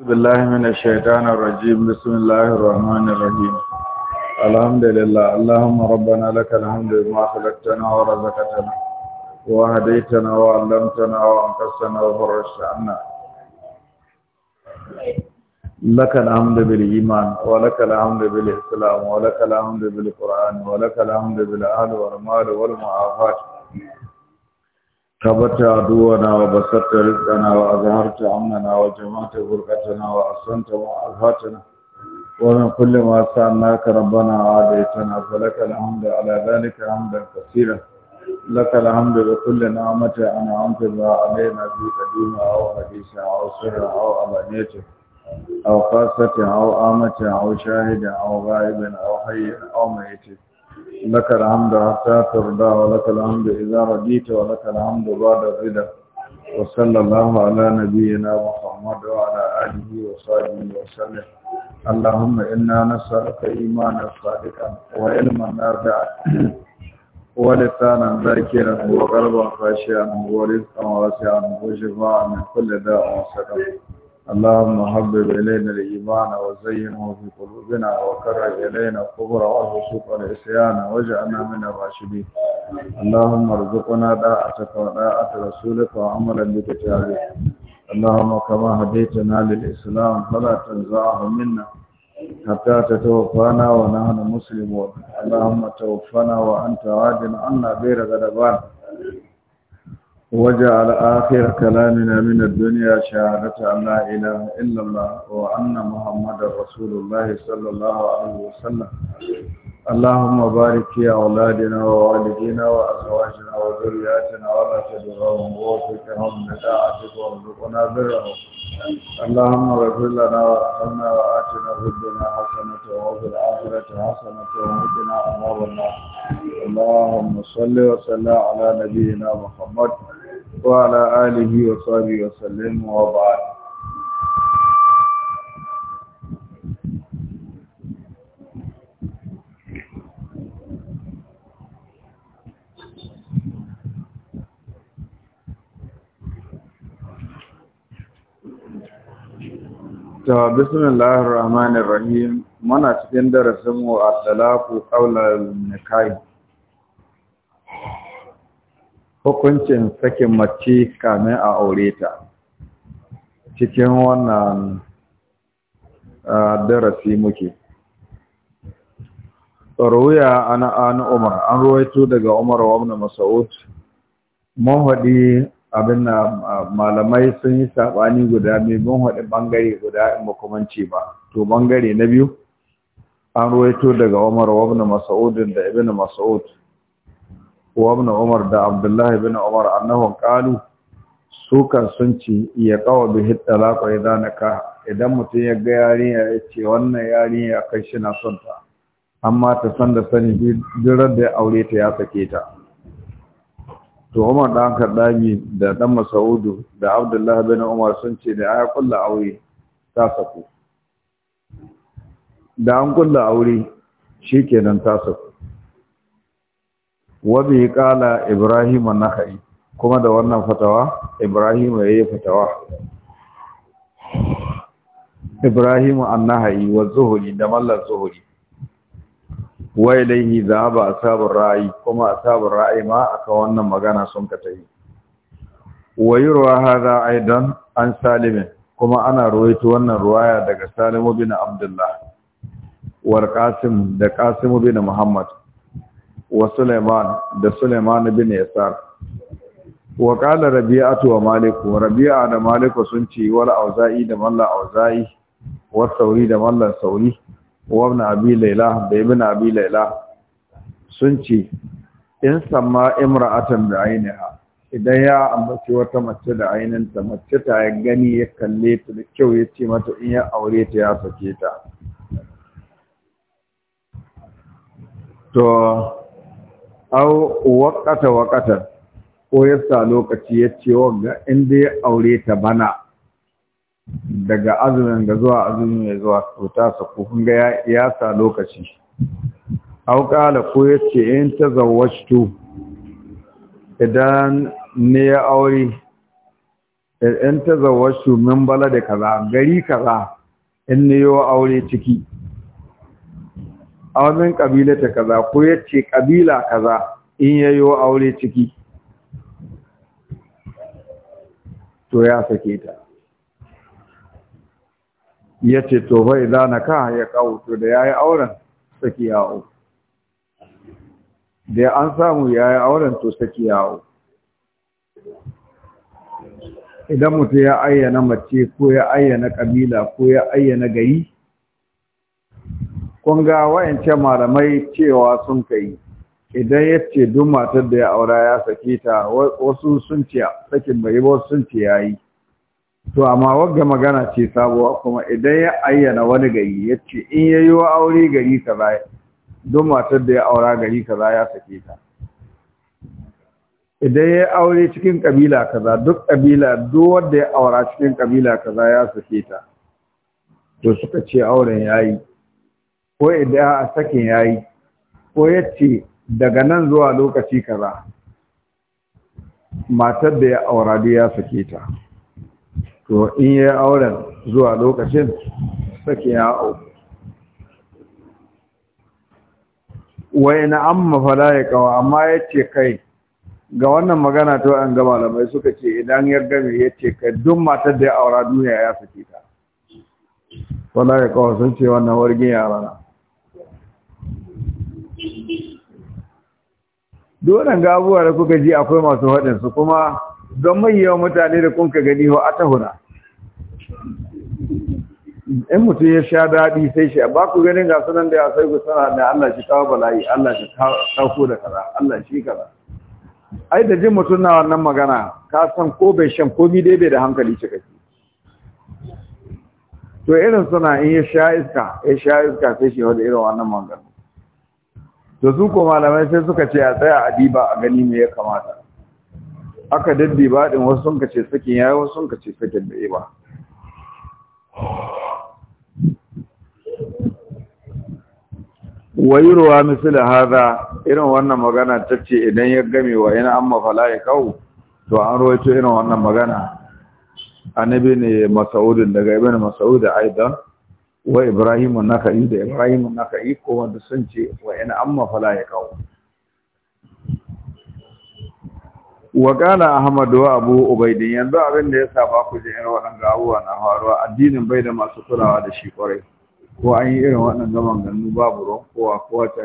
بالله من الشيطان الرجيم بسم الله الرحمن الرحيم الحمد لله اللهم ربنا لك الحمد بما خلقتنا ورزقتنا وهديتنا وعلمتنا وانقذتنا وفرجت عنا لك الحمد بالإيمان ولك الحمد بالإسلام ولك الحمد بالقرآن ولك الحمد بالأهل والمال والمعافات ثبت عدونا وبسطت رزقنا وأظهرت أمننا وجمعت بركتنا وأصنت وأظهرتنا ومن كل ما سألناك ربنا عاديتنا فلك الحمد على ذلك حمدا كثيرا لك الحمد بكل نعمة أنعمت الله علينا في قديمة أو حديثة أو سرة أو علانية أو خاصة أو آمة أو شاهد أو غائب أو حي أو ميت لك الحمد حتى ترضى ولك الحمد إذا رضيت ولك الحمد بعد الرضا وصلى الله على نبينا محمد وعلى آله وصحبه وسلم اللهم إنا نسألك إيمانا صادقا وعلما نافعا ولسانا ذاكرا وقلبا خاشعا ورزقا واسعا وشفاعا من كل داء وسلام اللهم حبب إلينا الإيمان وزينه في قلوبنا وكره إلينا الكفر والفسوق والعصيان واجعلنا من الراشدين اللهم ارزقنا داعتك وداعة رسولك وعملا بكتابك اللهم كما هديتنا للإسلام فلا تنزعه منا حتى تتوفانا ونحن مسلمون اللهم توفنا وأنت عاد عنا غير غضبان وجعل آخر كلامنا من الدنيا شهادة أن لا إله إلا الله وأن محمد رسول الله صلى الله عليه وسلم اللهم بارك في أولادنا ووالدينا وأزواجنا وذرياتنا ولا تدرهم ووفقهم لطاعتك وارزقنا برهم اللهم اغفر لنا وارحمنا وآتنا في الدنيا حسنة وفي الآخرة حسنة وقنا عذاب النار اللهم صل وسلم على نبينا محمد وعلى آله وصحبه وسلم وبعد بسم الله الرحمن الرحيم من أتكلم درسمه التلاف قول النكاي hukuncin sakin mace kamin a aure ta cikin wannan darasi muke ruya ana an umar an ruwaito daga umar wa ibn mas'ud mun hadi abin malamai sun yi sabani guda mai mun hadi bangare guda in ba kuma ba to bangare na biyu an ruwaito daga umar wa ibn mas'ud da ibn mas'ud وابن عمر دا عبد الله بن عمر انهم قالوا سوكا سنتي يقوى به الطلاق اذا نكا idan mutum ya ga yarinya ya ce wannan yarinya ya kai shi na son ta amma ta san da sani jiran da ya aure ta ya sake ta to umar da dan kardami da dan masaudu da Abdullahi bin umar sun ce da ya kulla aure ta sako da an kulla aure shikenan ta sako wabi kala ibrahim an-nakhai kuma da wannan fatawa ibrahim yayi fatawa ibrahim an-nakhai wa zuhri da mallan zuhri wa ilayhi dhahaba ashabur ra'i kuma ashabur ra'i ma aka wannan magana sun ka tayi wa yurwa hadha aidan an salim kuma ana ruwaito wannan ruwaya daga salim bin abdullah war qasim da qasim bin muhammad wa Suleiman da Suleiman bin Yasar wa qala Rabi'atu wa Malik Rabi'a da Malik sun ce wal Auza'i da Malla Auza'i wa Sauri da Malla Sauri wa ibn Abi Layla da ibn Abi Layla sun ce in samma imra'atan bi ainiha idan ya ambaci wata mace da ainihinta mace ta gani ya kalle ta da kyau ya ce mata in ya aure ta ya sake ta to au waqata waqata ko yasa lokaci ya ce wanga inda ya aure ta bana daga azumin ga zuwa azumin ya zuwa to ta saku kun ga ya sa lokaci au kala ko ya ce in ta zawwashtu idan ne ya aure in ta zawwajtu min balade kaza gari kaza in ne yo aure ciki aw min ta kaza ko yace ƙabila kaza in yayo aure ciki to ya sake ta yace to fa idza ka ya kawo to da yayi auren sake yawo da an samu yayi auren to sake yawo idan mutum ya ayyana mace ko ya ayyana ƙabila, ko ya ayyana gari kun ga wayancan malamai cewa sun kai idan ya ce duk matar da ya aura ya sake ta wasu sun ce sakin bai ba sun ce ya yi to amma wagga magana ce sabuwa kuma idan ya ayyana wani gari ya ce in ya yi wa aure gari kaza duk matar da ya aura gari kaza ya sake ta idan ya aure cikin kabila kaza duk kabila duk wanda ya aura cikin kabila kaza ya sake ta to suka ce auren yayi ko idan a sakin yayi ko yace daga nan zuwa lokaci kaza matar da ya aura da ya sake ta to in ya auren zuwa lokacin sake ya auku wai na amma fala ya kawo amma ya ce kai ga wannan magana to an da malamai suka ce idan ya game ya ce kai duk matar da ya aura duniya ya sake ta wala ya kawo sun ce wannan wargin yara na Doron gabuwa da kuka ji akwai masu haɗinsu kuma don mai yawan mutane da kunka gani wa ata huna. In mutum ya sha daɗi sai shi, ba ku ganin ga sunan da ya sai ku sana da Allah shi kawo bala'i, Allah shi kawo da kaza, Allah shi kaza. Ai da jin mutum na wannan magana, ka san ko bai shan ko bi dai bai da hankali cikakke. To irin suna in ya sha iska, ya sha iska sai shi wani irin wannan magana. da su ko malamai sai suka ce a tsaya a diba a gani me ya kamata aka ba din wasu sun kace sakin yayi wasu sun kace sakin da ba wayurwa misali haza irin wannan magana ta ce idan ya game wa yana amma fala ya kau, to an rawaito irin wannan magana annabi ne masaudin daga ibn da aidan wa ibrahimu naka inda ibrahimu naka iko wanda sun ce wa ina amma fala ya kawo wa qala ahmadu wa abu ubaidin yanzu abin da ya saba ku je irin waɗanda abubuwa na faruwa addinin bai da masu kulawa da shi kwarai ko an yi irin waɗanda ganin babu ruwan kowa ko wata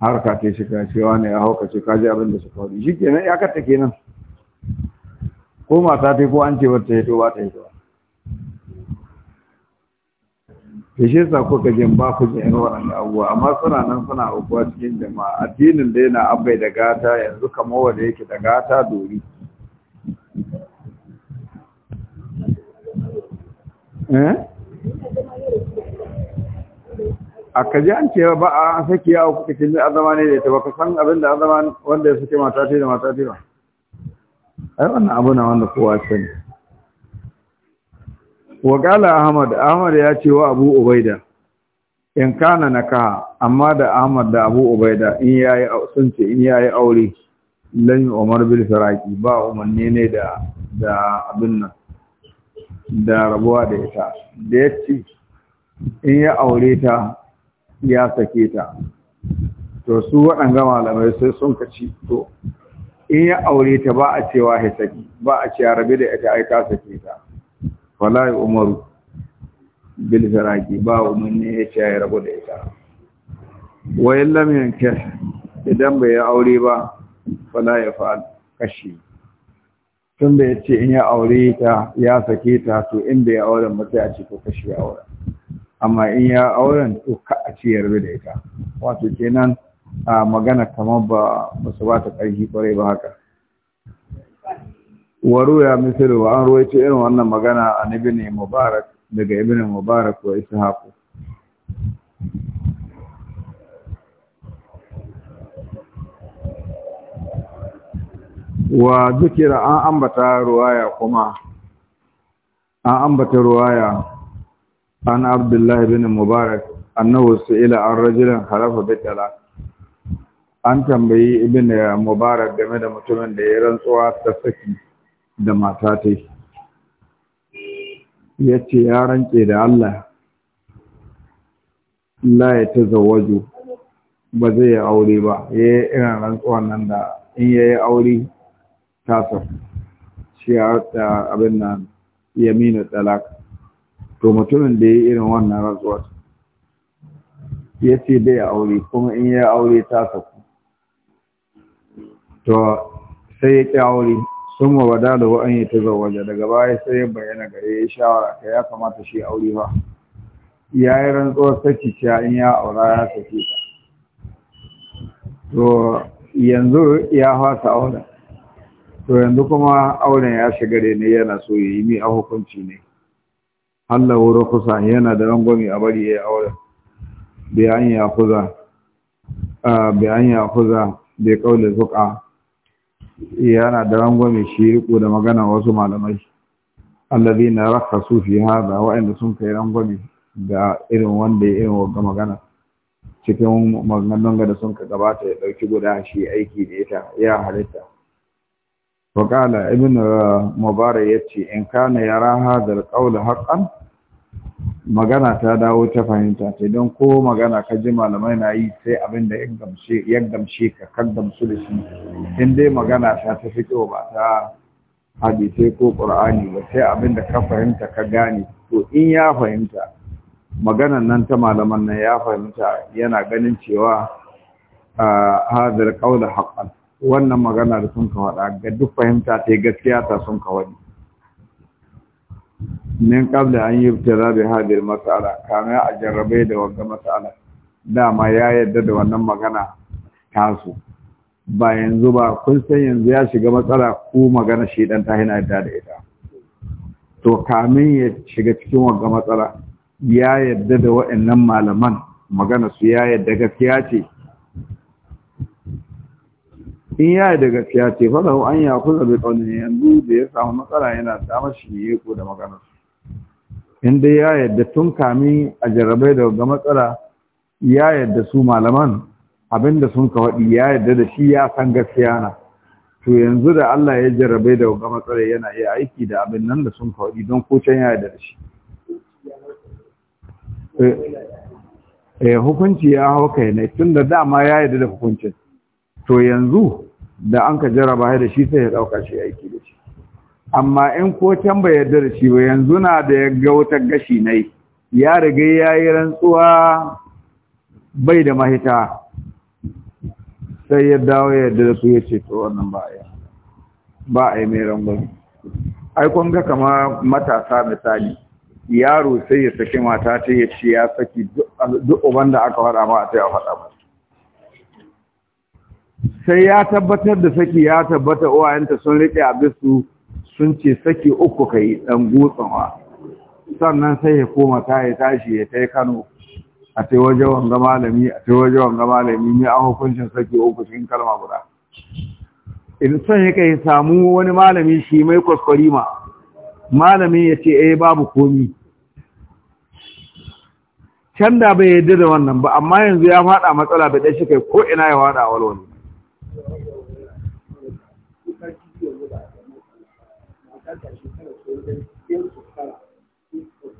harka ta shi ka cewa ne a hauka ce kaji abin da su kawo shi kenan ya kata kenan ko mata ta ko an ce ba ta yi to ba ta yi to da shi yasa kuka jin ba ku jin irin abubuwa amma suna nan suna aukuwa cikin jama'a addinin da yana abai da gata yanzu kamar wanda yake da gata dori eh? a kaji an ce ba a saki ya kuka cikin ne azama ne da ita ba ka san abin da azama wanda ya suke mata ce da mata ce ba ai wannan abu na wanda kowa sani wa ahmad ahmad ya ce wa abu ubaida in kana na ka, amma da ahmad da abu ubaida in ya yi sunce in yi aure lanyi umar bil firaqi ba umarni ne da abin nan da rabuwa da ita da ce, in ya aure ta ya sake ta to su waɗanga malamai sai sun ci to in ya aure ta ba a cewa ya saki ba a ya rabe da ita ai ka sake ta falai ya umaru bil firaki ba umarni ya ce ya rabu da ita wayan lamiyan kyar idan bai yi aure ba falai ya fa'al kashi tun da ya ce in ya aure ta ya sake ta to in bai auren ba sai a ce to kashi ya auren amma in ya auren to ka a ce ya rabu da ita wato kenan a magana kamar ba ba su ba ta ƙarfi kwarai ba haka waruya misali wa an ruwaito irin wannan magana a nibini mubarak daga ibn mubarak wa haku wa zikira an ambata ruwaya kuma an ambata ruwaya an abdullahi bin mubarak annahu su'ila an rajilin harafa bitala an tambayi ibn mubarak game da mutumin da ya rantsuwa ta saki da mata ta yi ya ce ya ranke da Allah la ya ta zawaju ba zai yi aure ba ya yi irin rantsuwan nan da in ya yi aure sa shi ya ta abin nan yamina talaka to mutumin da ya yi irin wannan rantsuwar ya ce bai aure kuma in ya yi aure ku. to sai ya ƙi aure sun wa bada da wa'an yi ta zawaje daga baya sai ya bayyana gare ya shawara ka ya kamata shi aure ba ya yi rantsuwar saki cewa in ya aura ya saki ta to yanzu ya fasa auren to yanzu kuma auren ya shiga da ne yana so ya yi mi a hukunci ne Allah wuri kusa yana da rangwami a bari ya yi auren bayan ya kuza bayan ya kuza bai kaule zuƙa Eh, yana da rangwame shi riko da magana wasu malamai allazi na raka su fi haza wa'anda sun kai rangwame da irin wanda ya irin wagga magana cikin maganganun da sun ka gabata ya ɗauki guda shi aiki da ita ya halitta wakala Ibn ibn ya ce in kana yara hadha al-qawl haqqan magana ta dawo ta fahimta ce don ko magana ka ji malamai na yi sai abin da ya gamshe ka kan gamsu da shi in dai magana ta ta kyau ba ta hadisai ko ƙur'ani ba sai abin da ka fahimta ka gane to in ya fahimta maganan nan ta malaman nan ya fahimta yana ganin cewa hadar kaula haƙƙan wannan magana da sun ka faɗa ga duk fahimta ta gaskiya ta sun ka wani من قبل an يبتلى bi المسألة mas'ala kana a jarrabe da دا ما dama ya yadda da wannan magana tasu ba yanzu ba kun san yanzu ya shiga matsala ko magana shi dan ta hina yadda da ita to kamin ya shiga cikin wannan matsala ya yadda da wa'annan malaman magana su ya yadda gaskiya ce in ya yadda gaskiya ce fa lahu an yakuza bi tsaunin yanzu da ya samu matsala yana da yeko da magana in dai ya yadda tun kami a jarrabai da ga matsala ya yadda su malaman abinda sun ka waɗi ya yadda da shi ya san gaskiya na to yanzu da Allah ya jarrabai da ga matsala yana iya aiki da abin nan da sun ka waɗi don ko can ya yadda da shi eh, eh hukunci ya hau kai ne tun da dama ya yadda da hukuncin to yanzu da an ka jarraba da shi sai ya ɗauka shi aiki da shi amma in ko can bai yarda da shi ba yanzu na da ya ga wutar gashi yi ya riga ya yi rantsuwa bai da mahita sai ya dawo ya yarda da su ya ce to wannan ba a ba a yi mai gani ai kun ga kama matasa misali yaro sai ya saki mata ta ya ce ya saki duk uban da aka faɗa ma a ta ya faɗa ba sai ya tabbatar da saki ya tabbata uwayenta sun riƙe a bisu sun ce saki uku ka yi ɗan gutsawa sannan sai ya koma ta ya tashi ya ta yi kano a ta waje wanga malami a ta waje wanga malami ne a hukuncin saki uku cikin kalma guda in son ya kai samu wani malami shi mai kwaskwari ma malamin ya ce eh babu komi can da bai yadda da wannan ba amma yanzu ya faɗa matsala bai ɗan shi kai ko ina ya faɗa walwali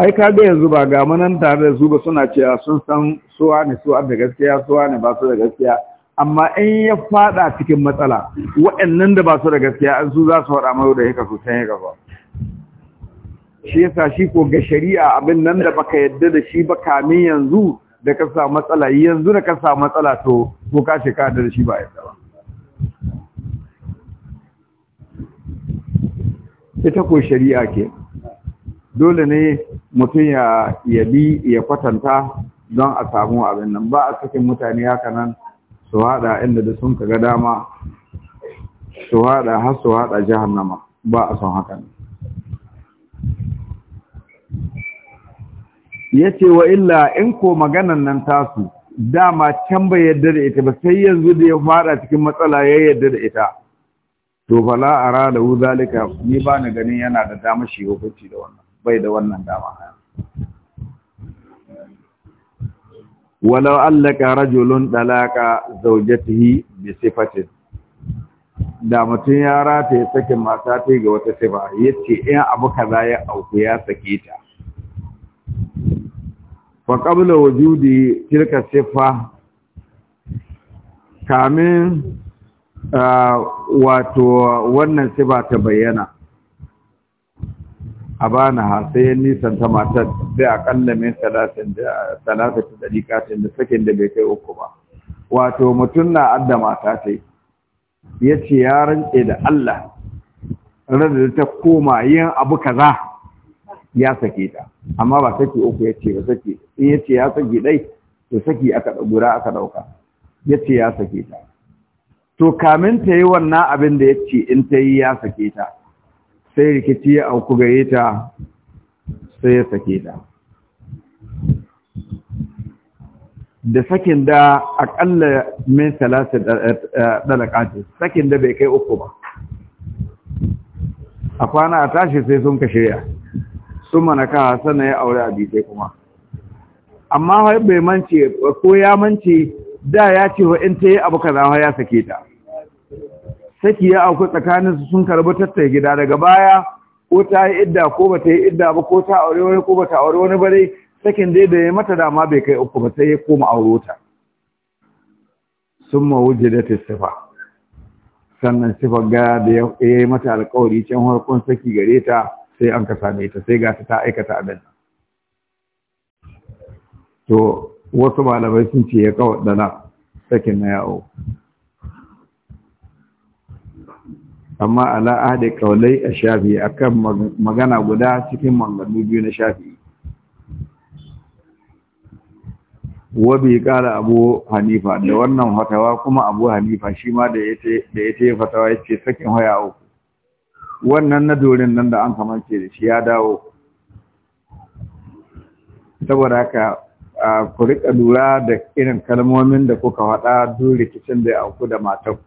ai ka ga yanzu ba ga manan tare da su ba suna cewa sun san suwa ne suwa da gaskiya suwa ne ba su da gaskiya amma in ya fada cikin matsala waɗannan da ba su da gaskiya an su za su faɗa mai da yaka su san yaka ba shi yasa shi ko ga shari'a abin nan da baka yadda da shi ba kamin yanzu da ka samu matsala yanzu da ka samu matsala to ko ka ka da shi ba yadda ba ita ko shari'a ke dole ne mutum ya bi ya kwatanta don a samu abin nan ba a cikin mutane haka nan su haɗa inda da sun kaga dama su haɗa har su haɗa jahannama ba a son haka nan ya ce wa illa in ko maganan nan tasu dama can bai yadda da ita ba sai yanzu da ya faɗa cikin matsala ya yadda da ita to fala ara da wu zalika ni ba na ganin yana da damar shi hukunci da wannan bai da wannan dama walau allaka rajulun dalaka zaujatihi bi sifati da mutum ya rata ya sake mata ta ga wata sifa yace in abu kaza ya auku ya sake ta fa qabla wujudi tilka sifa kamin ah, wato wannan sifa ta bayyana a na hasa sai nisan ta matar bai akalla mai talatin da talatin da dikatin da sakin da bai kai uku ba wato mutum na adda mata ta ya ce ya rantse da Allah rada ta koma yin abu kaza ya sake ta amma ba saki uku ya ce ba saki in ya ce ya saki dai to saki aka gura aka dauka ya ce ya sake ta to kamin ta yi wannan abin da ya ce in ta yi ya sake ta sai rikici ya auku gare ta sai ya sake ta da sakin da akalla min salasin eh, eh, ce, sakin da bai kai uku ba a kwana a tashi sai sun ka shirya sun ka sana ya aure a bisai kuma amma bai mance ko ya mance da ya ce wa in ta yi abu kaza ya sake ta saki ya auku tsakanin su sun karbi tattai gida daga baya ko ta yi idda ko ba ta yi idda ba ko ta aure wani ko ba ta aure wani bare sakin dai da ya mata dama bai kai uku ba sai ya koma auro ta wuce da sifa sannan sifar ga da ya yi mata alƙawari can harkon saki gare ta sai an ka same ta sai ga ta aikata abin to wasu malamai sun ce ya kawo dana sakin na yawo amma ala ahdi kaulai a shafi kan magana guda cikin manganu biyu na shafi wa bi qala abu hanifa da wannan fatawa kuma abu hanifa shi ma da ya da yace fatawa ya ce sakin haya uku wannan na dorin nan da an kamance da shi ya dawo saboda haka ku rika lura da irin kalmomin da kuka haɗa duk rikicin da ya auku da matanku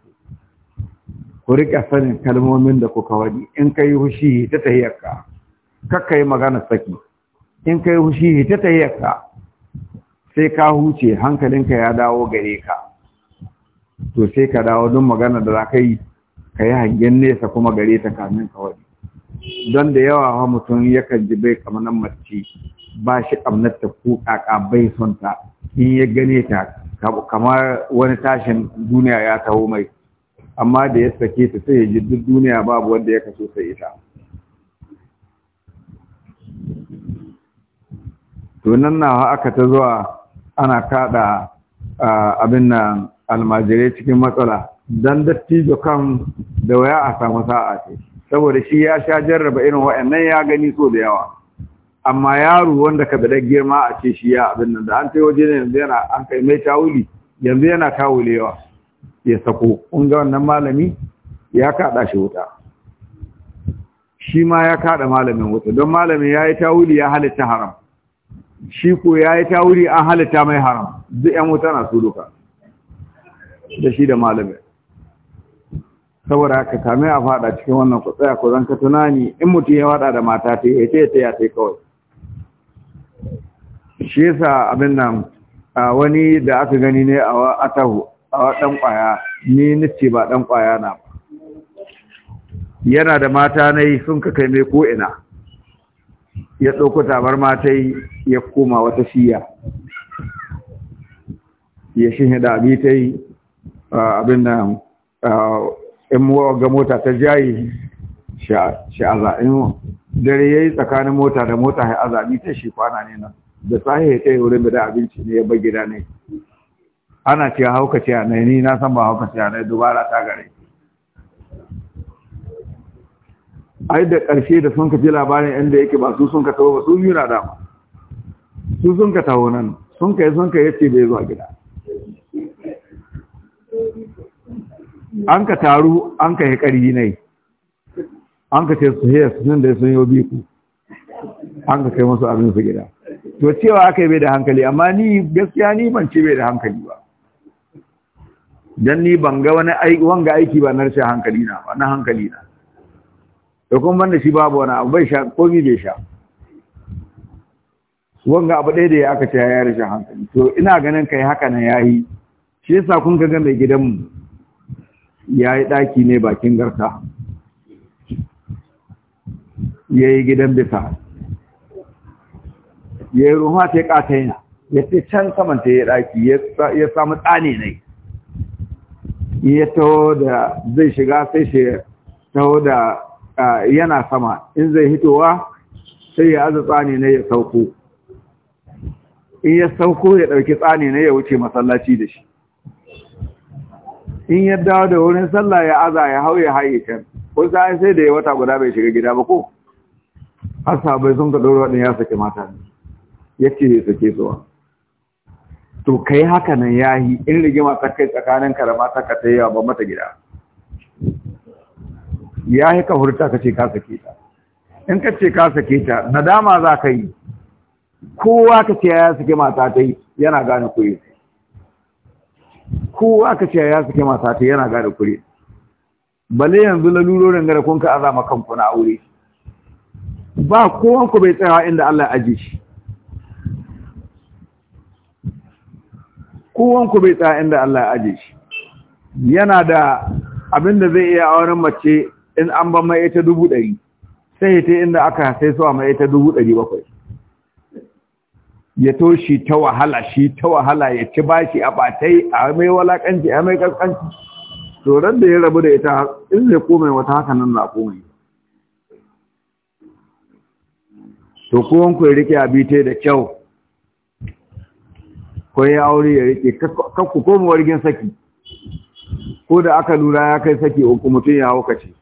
ku riƙa sanin kalmomin da kuka waɗi in kai hushi ta tahiyarka. kakka yi magana saki in kai hushi ta tahiyarka. sai ka huce hankalinka ya dawo gare ka to sai ka dawo don magana da za ka yi ka yi hangen nesa kuma gare ta kamin ka waɗi don da yawa wa mutum yakan ji bai kamanan mace ba shi kamnatta ko kaka bai son ta in ya gane ta kamar wani tashin duniya ya taho mai amma da ya sake ta sai ya ji duk duniya babu wanda ya kaso sai ita to nan na aka ta zuwa ana kada abin nan almajirai cikin matsala dan dattijo kan da waya a samu sa'a ce saboda shi ya sha jarraba irin wa'annan ya gani so da yawa amma yaro wanda ka da girma a ce shi ya abin nan da an tai waje ne yanzu yana an kai mai tawuli yanzu yana tawulewa ya sako kun ga wannan malami ya kada shi wuta shi ma ya kada malamin wuta don malami ya yi tawuli ya halitta haram shi ko ya yi tawuli an halitta mai haram duk yan wuta na su duka da shi da malamin saboda haka kame a fada cikin wannan ku tsaya ku ka tunani in mutum ya wada da mata ta yi ta yi ta kawai shi yasa abin nan wani da aka gani ne a atahu a ɗan ƙwaya ni nace ba ɗan ƙwaya na ba yana da mata na yi sun ka kai mai ko'ina ya ɗauko tabar mata ya koma wata shiya ya shi da abi ta yi abin da in ga mota ta jayi sha'aza in dare ya yi tsakanin mota da mota ya azabi ta shi kwana ne nan da sahi ya ta yi wurin da abinci ne ya bagida ne ana ce haukace a nai ni na san ba haukace a nai dubara ta gare ai da ƙarshe da sun ka ji labarin inda yake ba su sun ka taho ba su yi na dama su sun ka taho nan sun yi sun yi yace bai zuwa gida an ka taru an ka yi ƙari nai an ka ce su hiyar su nan da sun yi biku an ka kai masu abin su gida to cewa aka yi bai da hankali amma ni gaskiya ni ban ce bai da hankali ba dan ni ban ga wani aiki wanga aiki ba na rashin hankali na ba na hankali na da kuma banda shi babu wani abu bai sha komi bai sha wanga abu ɗaya da ya aka ce ya rashin hankali to ina ganin kai haka nan yayi shi yasa kun ga mai gidanmu yayi daki ne bakin garka yayi gidan bisa yayi ruwa sai ya ce can saman ta yayi daki ya samu tsane ne ya taho da zai shiga sai shi taho da yana sama in zai hitowa sai ya aza tsani na ya sauko in ya sauko ya ɗauki tsani na ya wuce masallaci da shi in ya dawo da wurin sallah ya aza ya hau ya haye can ko sai sai da ya wata guda bai shiga gida ba ko har sabai sun ka ɗora waɗanda ya sake mata ne ya ce bai sake zuwa to kai haka nan yi in rigima ta kai tsakanin karama ta ka tayya ba mata gida yi ka hurta ka ce ka sake ta in ka ce ka sake ta nadama za ka yi kowa ka ce ya sake mata ta yi yana gane kure kowa ka ce ya sake mata ta yi, yana gane kure bale yanzu lalurorin gara kun ka azama kanku na aure ba kowanku bai tsaya inda Allah ya aje shi kowanku bai tsaya inda Allah ya aje shi yana da abin da zai iya auren mace in an ban mai ita dubu ɗari sai ta inda aka sai suwa mai ita dubu ɗari bakwai ya toshi ta wahala shi ta wahala ya ci bashi a batai a mai walakanci a mai kaskanci to ran da ya rabu da ita in zai komai wata haka nan na komai to kowanku ya rike abi da kyau ko ya aure ya rike kakku ko mu wargin saki ko da aka lura ya kai saki uku mutum ya haukace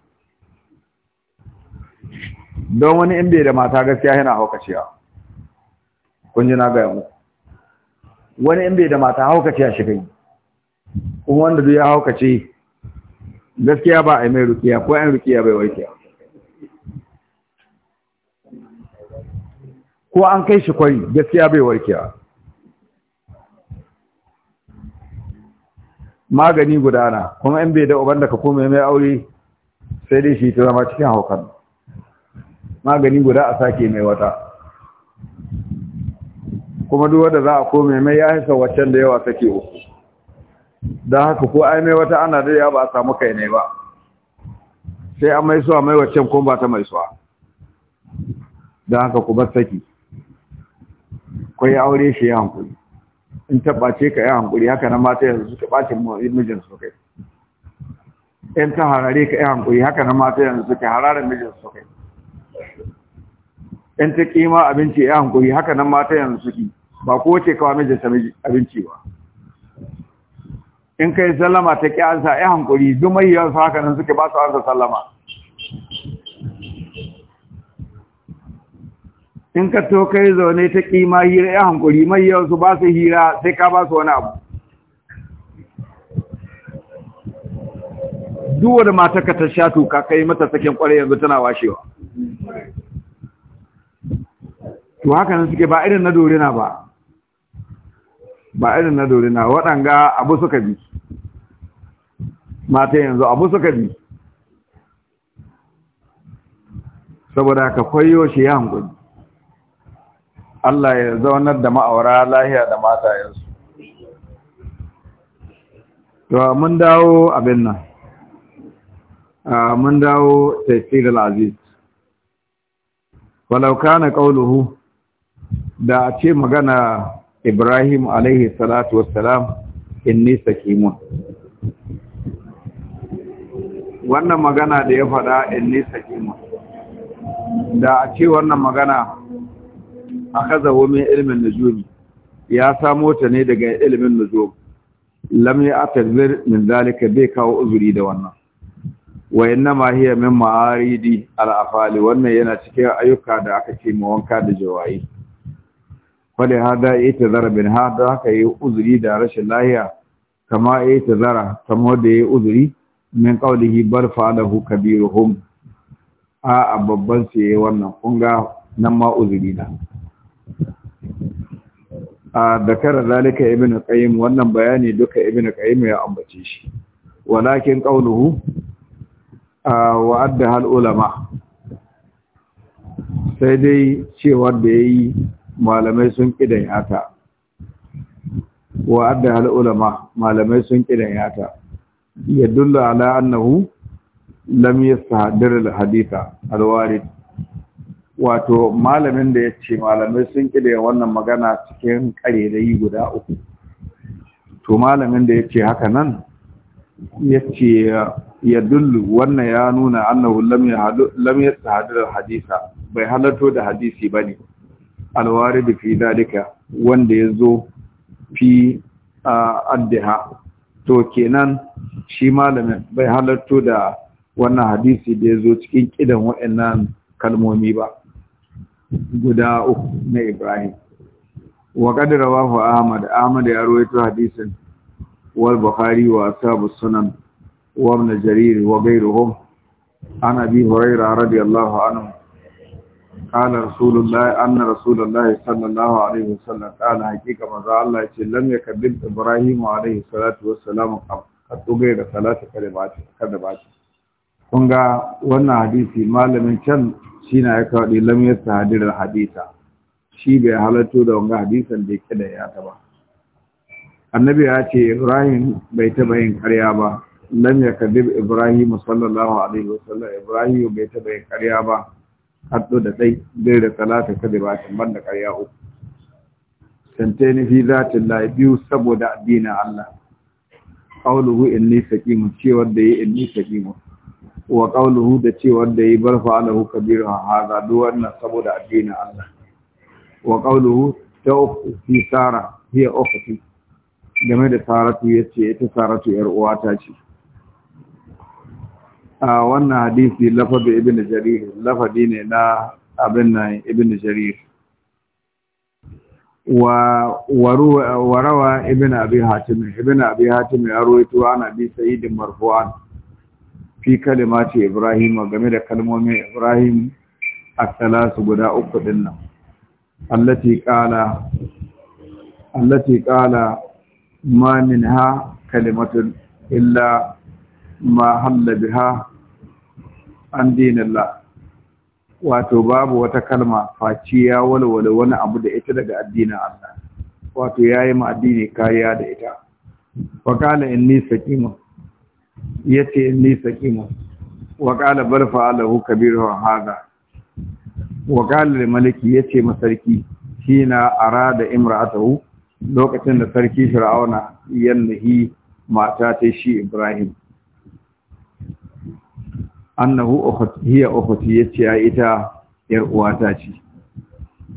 don wani in bai da mata gaskiya yana ya kun ji na ga yau wani in bai da mata ya shiga yi. kuma wanda duk ya ce gaskiya ba a yi mai rukiya ko yan rukiya bai warkiya ko an kai shi kwari gaskiya bai warkewa magani gudana kuma in bai da uban da ka kome mai aure sai dai shi ta zama cikin haukan magani guda a sake mai wata kuma duk wanda za a kome mai ya hisa waccan da yawa sake uku don haka ko ai mai wata ana da yawa ba a samu kai ne ba sai an mai suwa mai waccan kuma ba ta mai suwa don haka ku bar saki ku yi aure shi ya hankuli in tabbace ka yi hankuri haka nan mata yanzu suka ɓace mijin su kai in ta harare ka yi hankuri haka nan mata yanzu suka harare mijin su kai in ta kima abinci ya hankuri haka nan mata yanzu suke ba ko ce kawai mijin ta abinci ba in kai sallama ta ƙi ansa ya hankuri duk mai yawan haka nan suke ba su ansa sallama in ka to kai zaune ta kima hira ya hankuri mai yawan su ba su hira sai ka ba su wani abu duk da mata ka ta sha tuka kai mata sakin kwarai yanzu tana washewa to haka nan suke ba irin na dorina ba ba irin na dorina waɗanga abu suka bi mata yanzu abu suka bi saboda ka kwayo shi ya hankuli Allah ya zaunar da ma'aura lahiya da matayensu to mun dawo abin nan mun dawo tafsir al-aziz walau kana qawluhu da ce magana Ibrahim alaihi salatu wassalam nisa kimun. wannan magana da ya faɗa in nisa kimun. da a ce wannan magana akhadhahu min ilmin nujum ya samo ta ne daga ilimin nujum lam ya'tazir min zalika bai kawo uzuri da wannan wa innama hiya min ma'aridi al-afali wannan yana cikin ayyuka da aka ce ma wanka da jawayi fali hada itazara bin hada haka yi uzuri da rashin lahiya kama zara, kama da yi uzuri min qawlihi bal fa'alahu kabiruhum a babban su wannan kunga nan ma uzuri na a dakarar zalika ibn qayyim wannan bayani duka ibn qayyim ya ambace shi walakin qawluhu wa adda hal ulama sai dai cewar da yayi malamai sun kidan yata. wa adda hal ulama malamai sun kidan yata yadullu ala annahu lam yastahdir al haditha al warid wato malamin da ya ce malamai sun kide wannan magana cikin ƙarerayi guda uku to malamin da ya ce haka nan ya ce ya dullu wannan ya nuna annahu lam ya hadisa bai halatto da hadisi ba ne alwari da fi dalika wanda ya zo fi addiha to kenan shi malamin bai halarto da wannan hadisi da ya zo cikin kidan waɗannan kalmomi ba guda uku na Ibrahim wa rawa fa Ahmad Ahmad ya rawaito hadisin wal Bukhari wa Asabu sunan wa ibn Jarir wa ghayruhum an Abi Hurairah radiyallahu anhu قال رسول الله أن رسول الله صلى الله عليه وسلم قال حقيقة مزا الله لم يكذب إبراهيم عليه الصلاة والسلام قد تغير كلمات kun wannan hadisi malamin can shi na ya kawaɗi lamiyar hadirar hadisa shi bai halatto da wanga hadisan da yake da ya taba annabi ya ce ibrahim bai taba yin karya ba lam kadib ibrahim sallallahu alaihi wasallam ibrahim bai taba yin karya ba haddo da dai dai da salata kada ba ban banda karya uku tante ni fi zatin la biyu saboda addinin Allah qawluhu inni saqim cewa da yi inni saqim wa qawluhu da wanda da yi barfa alahu kabiru haza duk wannan saboda addinin Allah wa qawluhu ta uku fi sara hiya ukhti game da saratu yace ita saratu yar uwata ce a wannan hadisi lafazi ibn jarir lafazi ne na abin nan ibn jarir wa warawa ibn abi hatim ibn abi hatim ya rawaito ana bi sayyidin marfu'an fi kalimati Ibrahim game da kalmomin Ibrahim a salasu guda uku din nan allati qala allati qala ma ha kalimatun illa ma halla ha an dinilla. wato babu wata kalma faci ya walwala wani abu da ita daga addinin Allah wato yi ma addini kariya da ita fa in inni saqima ya ce ni sakina wa ƙala bal fa'alahu kabiru hada wa maliki ya ce masarki shi arada imra'atahu lokacin da sarki fir'auna yannahi mata ta shi ibrahim annahu hiya ukhti yace ya ita yar uwata ce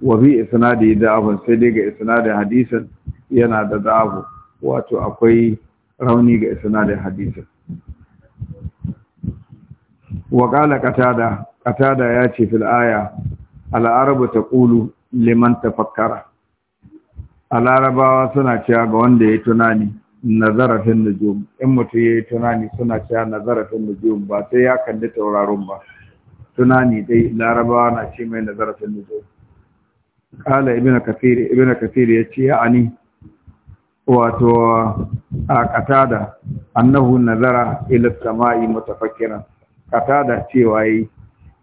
wa bi isnadi da'afan sai dai ga isnadi hadisan yana da da'afu wato akwai rauni ga isnadi hadisan. Waƙala ƙatada qatada ya ce filaya aya ta arabu liman tafakkara A larabawa suna cewa ga wanda ya tunani nazara fil nujum in mutum ya tunani suna cewa nazara fil nujum ba sai ya kalli tauraron ba tunani dai larabawa na ce mai nazara fil nujum qala ibnu kathir ibnu kathir ani wato a katada annahu nazara ila samai mutafakkiran katada cewa yi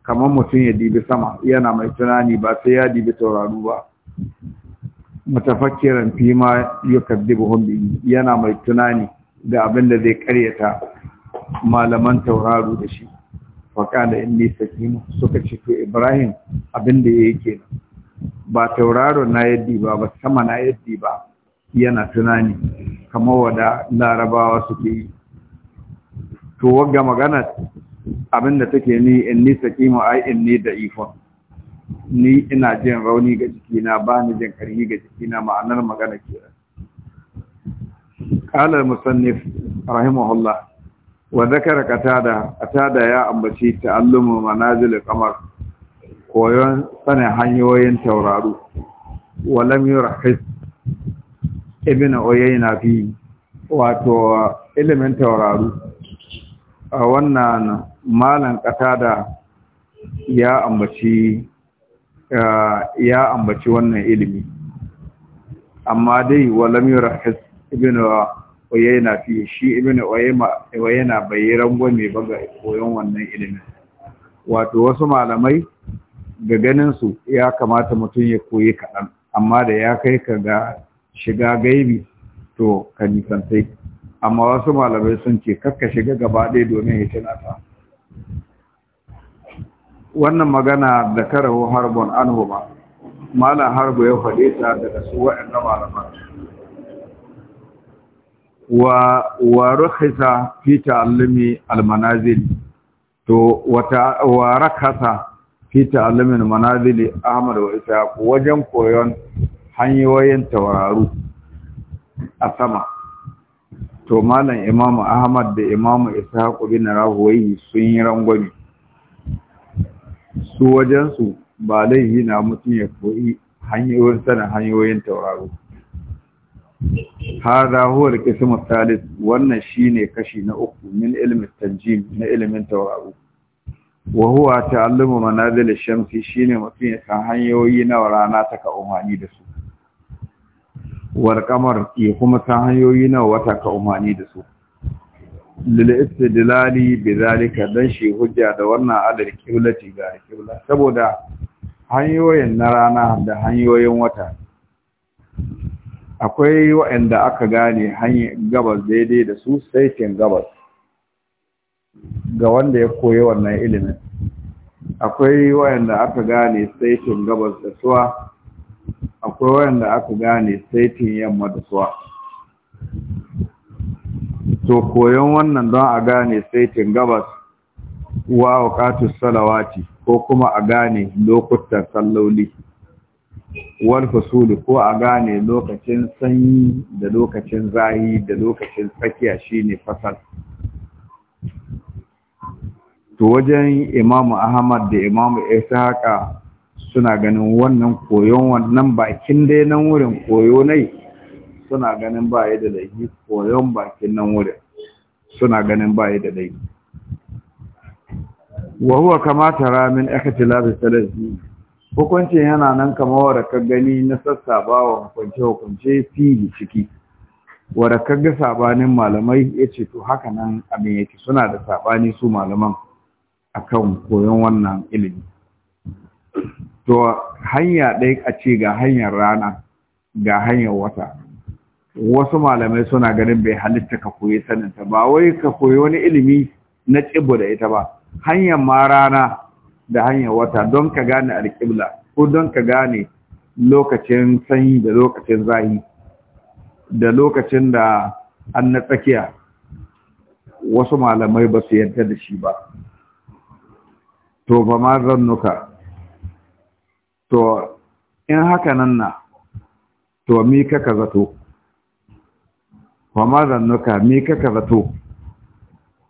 kamar mutum ya dibi sama yana mai tunani ba sai ya dibi tauraru ba mutafakkiran fi ma yukaddibuhum bi yana mai tunani da abin da zai karyata malaman tauraru da shi faƙala inni sakinu suka ce to Ibrahim abin da yake ba tauraro na yaddi ba ba sama na yaddi ba yana tunani kamar wada larabawa suke yi to wagga magana abinda take ni in ni sakimu ai in ni da ifon ni ina jin rauni ga jikina ba ni jin ga jikina ma'anar magana ke qala musannif rahimahullah wa dhakara qatada qatada ya ambaci ta'allumu manazil qamar koyon sanin hanyoyin tauraro wa lam yurahis ibn na fi wato ilimin tauraru a wannan malan da ya ambaci ya ambaci wannan ilimi amma dai walam ibina ibn na fi shi ibn na bai rangwame ba ga koyon wannan ilimin wato wasu malamai ga ganin su ya kamata mutum ya koyi kaɗan amma da ya kai ka ga shiga gaibi to ka nisantai amma wasu malamai sun ce kakka shiga gaba ɗaya domin hitina ta wannan magana da karawo harbon anhu ba malam harbo ya faɗe ta daga su waɗanda malaman wa wa rukhisa fi ta'allumi almanazil to wa rakasa fi ta'allumin manazili Ahmad wa isa wajen koyon hanyoyin tauraru a sama to malam Imam ahmad da imamu ishaqu bin rahuwayi sun yi rangwame su wajensu ba laifi na mutum ya koyi hanyoyin sanin hanyoyin tauraro hada huwa al-qismu thalith wannan shine kashi na uku min ilmi tanjim na ilimin tauraro wa huwa ta'allumu manazil ash-shamsi shine mutum ya san hanyoyi na rana ta ka umani da su warƙamar ya kuma ta hanyoyi na wata ka umarni da su lil'istidlali bi zalika dan shi hujja da wannan adal kiblati ga kibla saboda hanyoyin na rana da hanyoyin wata akwai waɗanda aka gane hanyar gabas daidai da su saitin gabas ga wanda ya koyi wannan ilimin akwai waɗanda aka gane saitin gabas da suwa akwai wanda aka gane saitin yamma da suwa to koyon wannan don a gane saitin gabas wa wakatu salawati ko kuma a gane lokutan salloli wal fasuli ko a gane lokacin sanyi da lokacin zahi da lokacin tsakiya shine fasal to wajen imamu ahmad da imamu haka. suna ganin wannan koyon wannan bakin dai nan wurin koyo nai suna ganin ba da laifi koyon bakin nan wurin suna ganin ba da laifi wa huwa kama tara min ikhtilafi salafi hukuncin yana nan kama wanda ka gani na sassabawa hukunce hukunce fi ciki wanda ka ga sabanin malamai yace to haka nan abin yake suna da sabani su malaman akan koyon wannan ilimi to hanya ɗaya a ce ga hanyar rana ga hanyar wata wasu malamai suna ganin bai halitta ka koyi saninta ba wai ka koyi wani ilimi na cibo da ita ba hanyar ma rana da hanyar wata don ka gane alƙibla ko don ka gane lokacin sanyi da lokacin zahi da lokacin da an na tsakiya wasu malamai ba su yarda da shi ba to ba ma zan nuka. to in haka nan na to mi kaka zato kuma ma zannuka mi kaka zato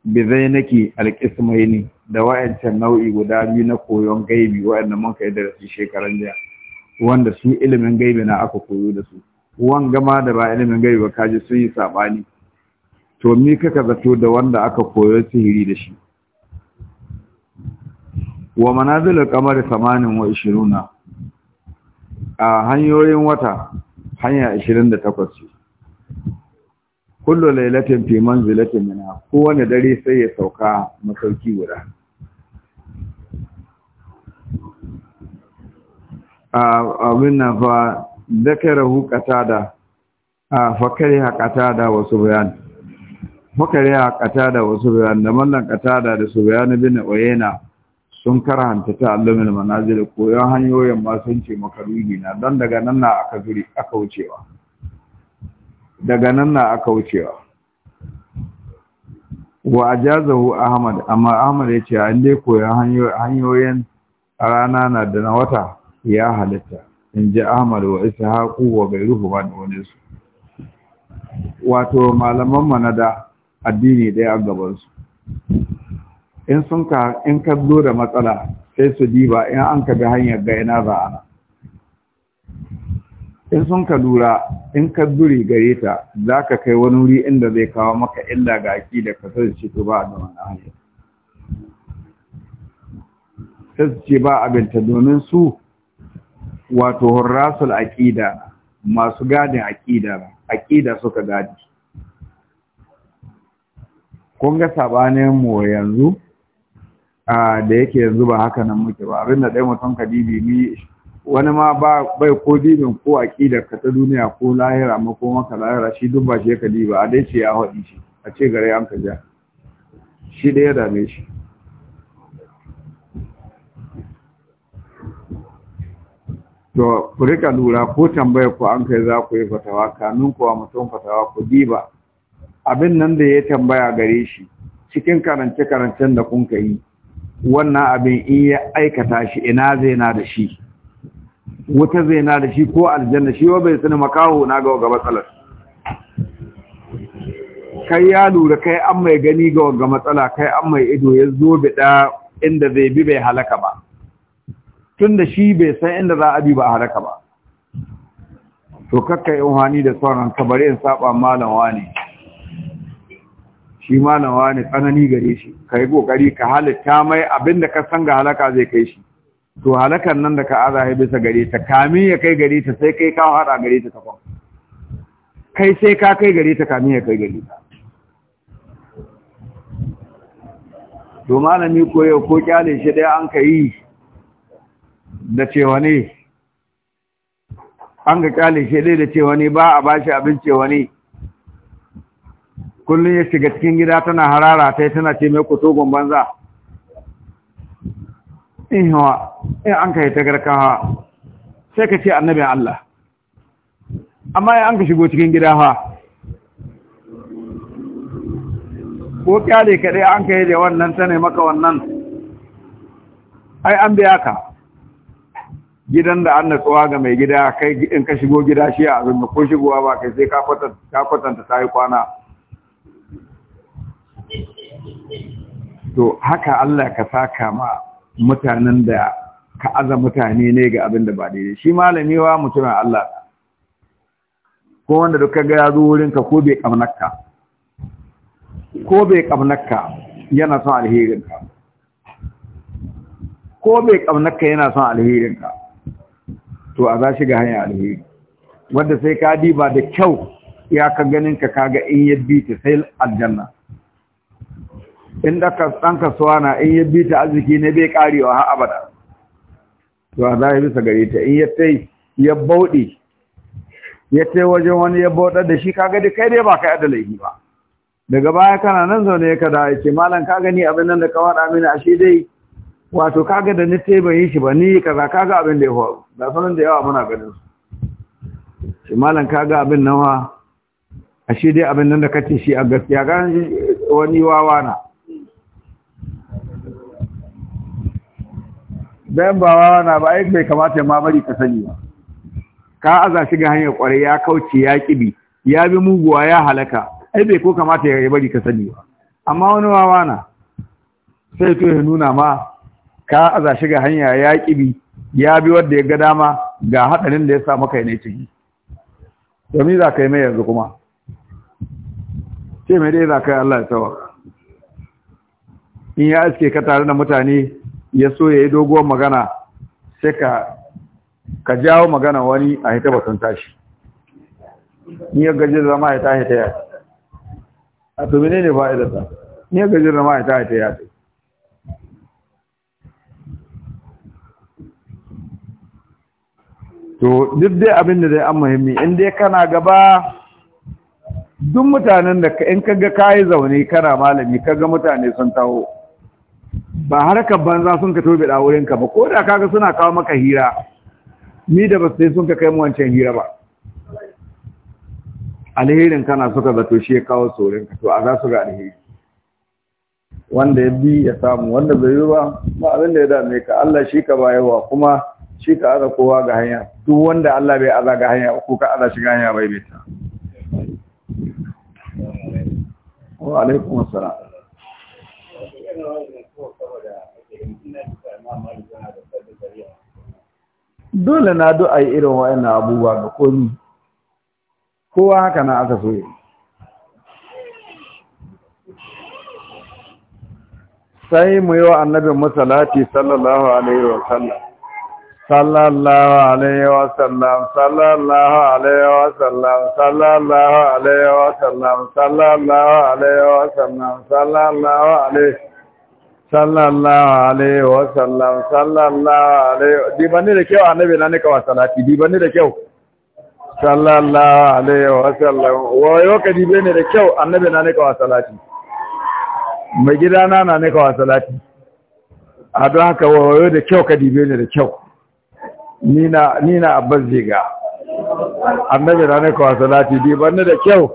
bi zai nake ne da wa'ancan nau'i guda biyu na koyon gaibi wa'anda mun kai da su shekaran jiya wanda su ilimin gaibi na aka koyo da su wan gama da ba ilimin gaibi ba kaji sun yi sabani to mi kaka zato da wanda aka koyo sihiri da shi wa manazilul qamari 28 a hanyoyin wata hanya 28 ce kullu lailatin fi manzilatin minha kowane dare sai ya sauka masauki guda abin nan fa dakarahu a fa kariha qatada wa subyan fa kariha qatada wa subyan da mallan qatada da subyan bin oyena sun karanta ta alamil manazil koyon hanyoyin ma sun ce makaruhi na don daga nan na aka zuri aka wucewa daga nan na aka wucewa wa ajazahu ahmad amma ahmad ce an dai koyon hanyoyin rana na da na wata ya halitta in ji ahmad wa ishaqu wa gairuhu ba da wani su wato malaman manada addini ɗaya a gabansu in sun ka in ka zo da matsala sai su diba in an ka bi hanyar ga ina za ana in sun ka lura in ka duri gare ta za ka kai wani wuri inda zai kawo maka illa ga aki da ka sai shi ba da wani hanyar sai ce ba abinta domin su wato hurrasul aqida masu gadin aqida aqida suka gadi kun ga sabanin mu yanzu da yake yanzu ba haka nan muke ba abinda ɗaya mutum ka dibi ni wani ma ba bai ko dibin ko aƙidar ka ta duniya ko lahira ma ko maka lahira shi duk ba shi ka diba a dai ce ya haɗi shi a ce gare an ka ja shi ɗaya dame shi to ku rika lura ko tambayar ko an kai za ku yi fatawa kanun kuwa mutum fatawa ku diba abin nan da ya tambaya gare shi cikin karance-karancen da kun ka yi wannan abin in ya aikata shi ina zai na da shi wuta zai na da shi ko aljanna shi wa bai sani makaho na ga matsalar kai ya lura kai an mai gani ga ga matsala kai an mai ido ya zo bida inda zai bi bai halaka ba tun da shi bai san inda za a bi ba a halaka ba to kakka yi da sauran kabarin in saba malam wani shi malam wani tsanani gare shi ka yi kokari ka halitta mai abin da ka san ga halaka zai kai shi to halakan nan da ka aza ya bisa gare ta kami ya kai gare ta sai kai ka hada gare ta kafa kai sai ka kai gare ta kami ya kai gare ta to malami ko yau ko kyale shi dai an ka yi da cewa ne an ga kyale shi dai da cewa ne ba a bashi abin cewa ne kullum ya shiga cikin gida tana harara ta tana ce mai kutogon banza in hawa in an ka yi ta garkawa sai ka ce annabin Allah amma ya an ka shigo cikin gida ha ko kyale kaɗai an ka yi da wannan ta maka wannan ai an biya ka gidan da an natsuwa ga mai gida kai in ka shigo gida shi a abin ko shigowa ba kai sai ka kwatanta ta yi kwana to haka Allah ka saka ma mutanen da ka aza mutane ne ga abin da ba daidai shi malami wa mutumin Allah ko wanda duka ga yazo wurin ka ko bai kamnakka ko bai kamnakka yana son alherinka, ko bai kamnakka yana son alherinka to a za shi ga hanya alheri wanda sai ka diba da kyau ya ka ganin ka kaga in yabbi ta sai aljanna in ɗan kasuwa na in ya bi ta arziki ne bai karewa har abada to a zai bisa gare ta in ya tai ya bauɗe ya tai wajen wani ya bauɗar da shi kaga gadi kai dai ba kai adalai ba daga baya kana nan zaune ya kada ya ce malam ka gani abin nan da ka waɗa mini a shi dai wato kaga da ni tai ban yi shi ba ni kaza kaga abin da ya faru da sanin da yawa muna ganin su ce malam kaga abin nawa shi dai abin nan da kace shi a gaskiya ga wani wawa na dan ba wa na ba ai bai kamata ma bari ka sani ba ka aza shi hanyar kwarai ya kauce ya kibi ya bi muguwa ya halaka ai bai ko kamata ya bari ka sani ba amma wani wawa na sai to ya nuna ma ka aza shi ga hanya ya kibi ya bi wanda ya ga dama ga hadarin da ya sa maka ne ciki domin za ka yi mai yanzu kuma ce mai dai za ka Allah ya tawaka in ya aske ka tare da mutane ya so ya yi doguwar magana sai ka ka jawo magana wani a hita batun tashi ni ya gaji zama ya ta hita ya a to mene ne ta ni ya gaji zama ya ta hita ya to duk dai abin da zai an muhimmi in dai kana gaba duk mutanen da in kaga kayi zaune kana malami kaga mutane sun taho ba harkar banza sun ka tobe da wurinka ba ko da kaga suna kawo maka hira ni da ba sai sun ka kai mu wancan hira ba alherin kana suka zato shi ya kawo tsorinka to a za su ga alheri wanda ya bi ya samu wanda bai yi ba ba abin da ya dame ka Allah shi ka bayarwa kuma shi ka aza kowa ga hanya duk wanda Allah bai aza ga hanya ko ka aza shi ga hanya bai bita wa alaikum assalam dole na yi irin wa'annan abubuwa ga komi kowa haka na aka so sai mu yi wa annabin masalati sallallahu alaihi wa sallam sallallahu alaihi wa sallam sallallahu alaihi wa sallam sallallahu alaihi wa sallam sallallahu alaihi wa sallam sallallahu alaihi sallallahu alaihi wasallam sallallahu alaihi dibanni da kyau annabi na nika wasalati salati dibanni da kyau sallallahu alaihi wasallam wayo ka dibe ne da kyau annabi na ne wa salati mai gidana na ne wa salati a don haka wayo da kyau ka dibe ne da kyau ni na abbas ziga annabi na nika wasalati salati dibanni da kyau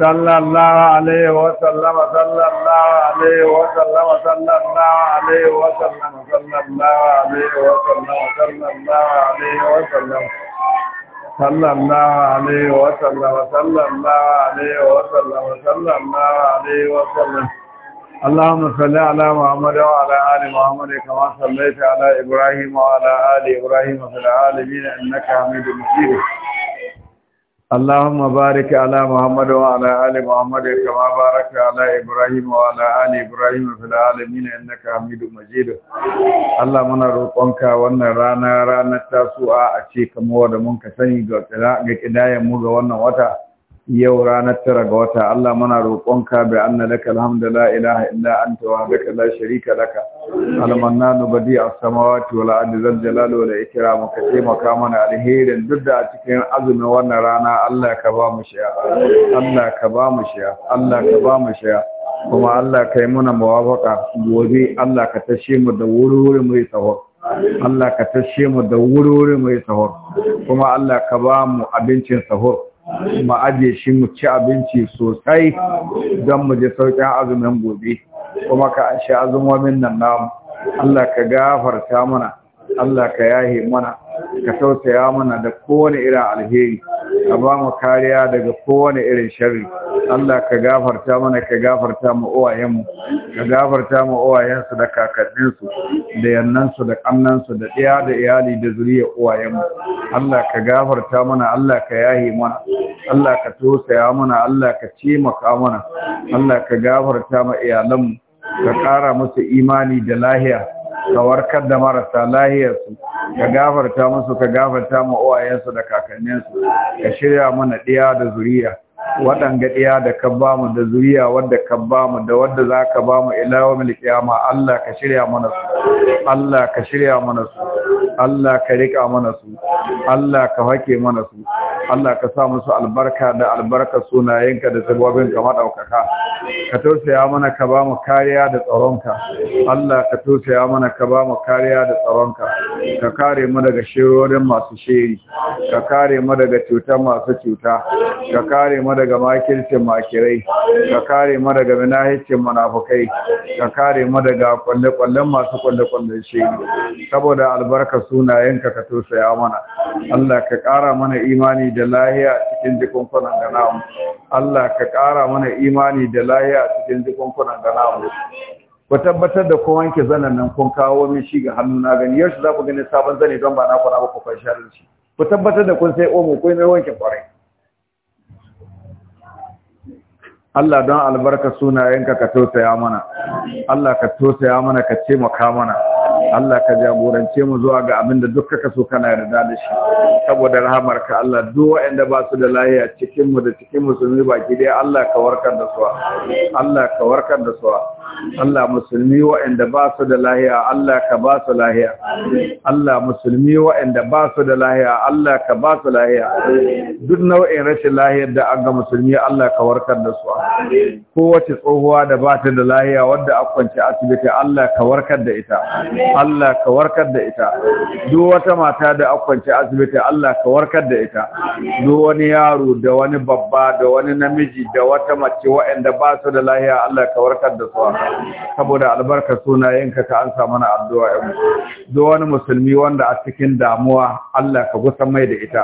sallallahu alaihi wa sallam sallallahu alaihi wa sallam sallallahu alaihi wa sallam sallallahu alaihi wa sallam sallallahu alaihi wa sallam sallallahu alaihi wa sallam sallallahu alaihi wa sallam sallallahu alaihi wa sallam اللهم صل على محمد وعلى آل محمد كما صليت على إبراهيم وعلى آل إبراهيم في العالمين إنك حميد مجيد اللهم بارك على محمد وعلى آل محمد كما بارك على إبراهيم وعلى آل إبراهيم في العالمين إنك حميد مجيد اللهم نروقك wannan rana رانا tasu'a a ce kamar wanda mun ka sani ga kidaya mu ga yau ranar tara ga wata Allah muna roƙonka bi anna laka alhamdu ilaha illa anta wahdaka la sharika laka almannanu badi as-samawati wal ardi zal jalali wal ikram ka taimaka mana alherin duk da a cikin azumin wannan rana Allah ka ba mu shiya Allah ka ba mu shiya Allah ka ba mu shiya kuma Allah kai muna mawafaka gobe Allah ka tashe mu da wuri wuri mai yi sahur Allah ka tashe mu da wuri wuri mai yi sahur kuma Allah ka ba mu abincin sahur mu aje shi mu ci abinci sosai don mu je sauƙin azumin gobe kuma ka shi azumomin nan namu Allah ka gafarta mana Allah ka yahe mana ka tausaya mana da kowane irin alheri ka ba mu kariya daga kowane irin shari. Allah ka gafarta mana ka gafarta mu uwayenmu ka gafarta mu uwayensu da kakanninsu da yannansu da kannansu da ɗaya da iyali da zuriya uwayenmu Allah ka gafarta mana Allah ka yahi mana Allah ka tosaya mana Allah ka ce mana Allah ka gafarta ma iyalanmu ka ƙara musu imani da lahiya ka warkar da marasa lahiyarsu ka gafarta musu ka gafarta ma uwayensu da kakanninsu ka shirya mana ɗiya da zuriya waɗanga ɗaya da ka ba mu da zuriya wadda ka ba mu da wadda za ka ba mu ilawa mil kiyama Allah ka shirya mana su Allah ka shirya mana su Allah ka rika mana su Allah ka hake mana su Allah ka sa musu albarka da albarka sunayenka da sabobin ka madaukaka ka tausaya mana ka ba mu kariya da tsaronka Allah ka tausaya mana ka ba mu kariya da tsaronka ka kare mu daga shirorin masu shiri ka kare mu daga cutar masu cuta ka kare mu daga makircin makirai ka kare mu daga binahicin munafukai ka kare mu daga kwalle-kwallen masu kwalle-kwallen shiri saboda albarka sunayenka ka tosaya mana Allah ka kara mana imani da lahiya cikin jikunkunan da namu Allah ka kara mana imani da lahiya cikin jikunkunan da namu ku tabbatar da ko wanke zanen nan kun kawo min shi ga hannu na gani yau za ku gani sabon zane don ba na kwana ba ku kwanciyar shi ku tabbatar da kun sai omo ko mai wanke kwarai Allah don albarka sunayenka ka tausaya mana Allah ka tausaya mana ka ce maka mana Allah ka jagorance mu zuwa ga abinda duk ka so kana yarda da shi saboda rahamarka Allah duk waɗanda ba su da lahiya cikin mu da cikin musulmi baki dai Allah ka warkar da su Allah ka warkar da su Allah musulmi waɗanda ba su da lahiya Allah ka ba su lahiya Allah musulmi waɗanda ba su da lahiya Allah ka ba su lahiya duk nau'in rashin lahiyar da an ga musulmi Allah ka warkar da su kowace tsohuwa da ba ta da lahiya wadda a kwanci asibiti Allah ka warkar da ita Allah ka warkar da ita duk wata mata da a kwanci asibiti Allah ka warkar da ita duk wani yaro da wani babba da wani namiji da wata mace waɗanda ba su da lahiya Allah ka warkar da su saboda albarkar sunayenka ka ansa mana addu'a ya mu duk wani musulmi wanda a cikin damuwa Allah ka gusa mai da ita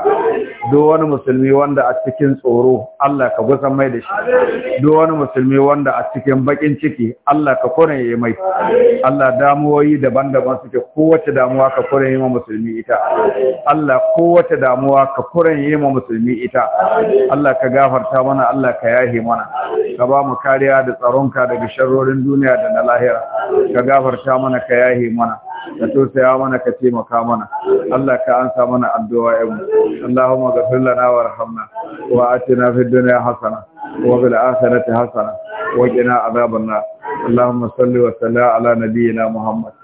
duk wani musulmi wanda a cikin tsoro Allah ka gusa mai da shi duk wani musulmi wanda a cikin bakin ciki Allah ka kore mai Allah damuwoyi daban-daban suke kowace damuwa ka kore ma musulmi ita Allah kowace damuwa ka kore ma musulmi ita Allah ka gafarta mana Allah ka yahi mana ka ba mu kariya da tsaronka daga sharrorin duniya da na lahira ka gafarta mana ka yahe mana ka tausaya mana ka taimaka mana Allah ka ansa mana addu'a mu Allahumma ghfir lana warhamna wa atina fid dunya hasana wa fil akhirati hasana wa qina adhaban nar Allahumma salli wa sallim ala nabiyyina Muhammad